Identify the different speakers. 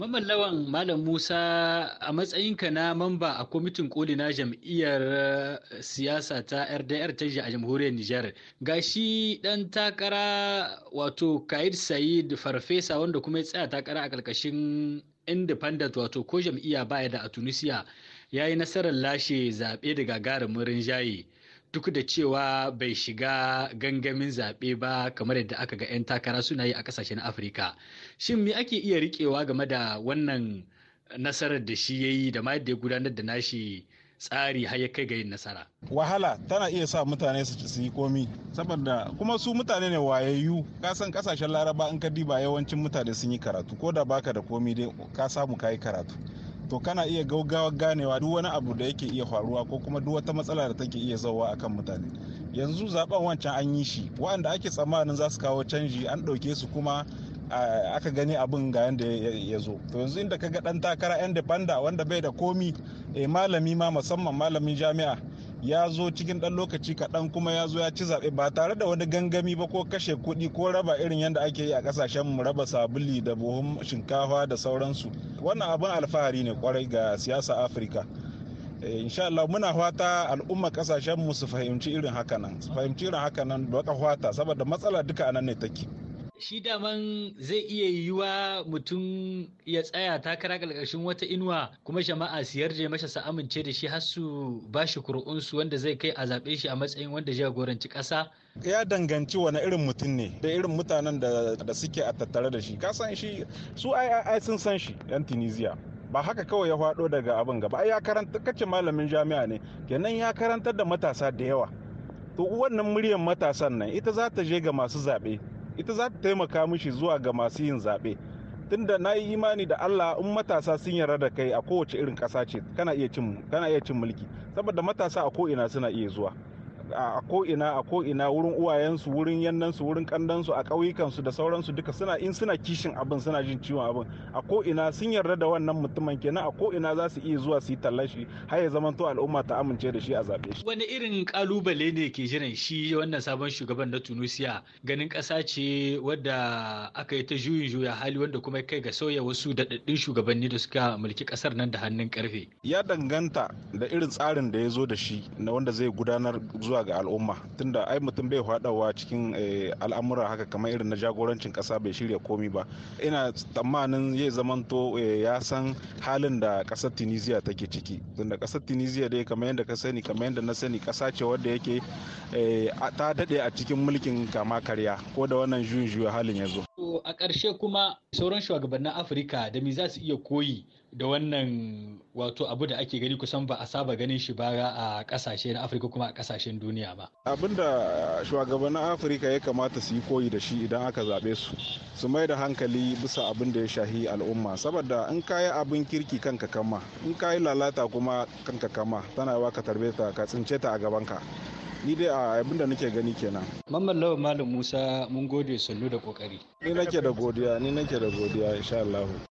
Speaker 1: Mamallawan Malam Musa a matsayinka na mamba a kwamitin koli na jam'iyyar eh, siyasa ta RDR ta a jamhuriyar Nijar. Ga shi ɗan takara wato Kaid Said Farfesa wanda kuma ya tsaya takara a ƙarƙashin Independent wato ko jam'iyya baya da a Tunisia ya yi nasarar lashe zaɓe da gagarumin rinjaye. duk da cewa bai shiga gangamin zaɓe ba kamar yadda aka ga 'yan takara suna yi a ƙasashen afirka shin me ake iya riƙewa game da wannan nasarar da shi ya yi da ma yadda ya gudanar da nashi tsari har ya kai ga yin nasara.
Speaker 2: Wahala tana iya sa mutane su yi komi saboda kuma su mutane ne wayayyu ka san kasashen laraba in ka diba yawancin mutane sun yi karatu ko da baka da komi dai ka samu ka yi karatu to kana iya gaugawa ganewa duk wani abu da yake iya faruwa ko kuma duk wata matsala da take iya zauwa kan mutane yanzu zaben wancan an yi shi waɗanda ake tsammanin za su kawo canji an ɗauke su kuma aka gani abin ga yadda ya zo to yanzu inda ka ga ɗan takara yan difanda wanda bai da komi eh, malami ma musamman malamin jami'a ya zo cikin ɗan lokaci kaɗan kuma ya zo ya ci zaɓe ba tare da wani gangami ba ko kashe kuɗi ko raba irin yadda ake yi a ƙasashen mu raba sabuli da buhun shinkafa da sauransu wannan abin alfahari ne kwarai ga siyasa afirka eh, insha Allah muna fata al'umma kasashen mu su fahimci irin hakanan su fahimci irin hakanan da waka fata saboda matsala duka anan ne take
Speaker 1: shi daman zai iya yiwuwa mutum ya tsaya takara karkashin wata inuwa kuma jama'a su yarje masa su amince da shi har su ba shi kur'unsu wanda zai kai a zaɓe shi a matsayin wanda jagoranci ƙasa. ya danganci wani irin
Speaker 2: mutum ne da irin mutanen da suke a tattare da shi kasan shi su ai sun san shi yan tunisia ba haka kawai ya faɗo daga abin gaba ai ya karanta kace malamin jami'a ne kenan ya karantar da matasa da yawa to wannan muryar matasan nan ita za ta je ga masu zaɓe ita za ta taimaka mishi zuwa ga masu yin zaɓe tunda na yi imani da Allah in matasa sun yarda da kai a kowace irin ƙasa ce kana iya cin mulki saboda matasa a ko ina suna iya zuwa a ko'ina a ko'ina wurin uwayensu wurin yannansu wurin kandansu a ƙauyukansu da sauransu duka suna in suna kishin abin suna jin ciwon abin a ko'ina sun yarda da wannan mutumin kenan a ko'ina za su iya zuwa su yi tallashi har ya zamanto al'umma ta amince da shi a zaɓe shi.
Speaker 1: wani irin kalubale ne ke jiran shi wannan sabon shugaban na tunisia ganin ƙasa ce wadda aka yi ta juyin juya hali wanda kuma kai ga sauya wasu daɗaɗɗun shugabanni da suka mulki ƙasar nan da hannun ƙarfe.
Speaker 2: ya danganta da irin tsarin da ya zo da shi na wanda zai gudanar zuwa ga al'umma tunda ai mutum bai hadawa cikin eh, al'amura haka kamar irin na jagorancin kasa bai shirya komi ba ina tsammanin zai zamanto eh, ya san halin da kasar tunisia take ciki tunda kasar tunisia dai kamar yadda ka sani kamar yadda na sani kasa ce wadda yake eh, ta daɗe a cikin mulkin kama karya ko da wannan juyin juya halin ya zo
Speaker 1: To a ƙarshe kuma sauran shugabannin Afirka da me za su iya koyi da wannan wato abu da ake gani kusan ba a saba ganin shi ba a ƙasashe na Afirka kuma a ƙasashen duniya ba.
Speaker 2: Abin da shugabannin Afirka ya kamata su yi koyi da shi idan aka zaɓe su, su mai da hankali bisa abin da ya shahi al'umma. Saboda in ka yi abin kirki kanka kama, in ka yi lalata kuma kanka kama, tana yawa ka tarbe ta ka tsince ta a ka. ni dai a ah, abin da nake gani kenan
Speaker 1: mamman lawan malam musa mun gode sannu da kokari
Speaker 2: ni nake da godiya ni nake da godiya insha Allah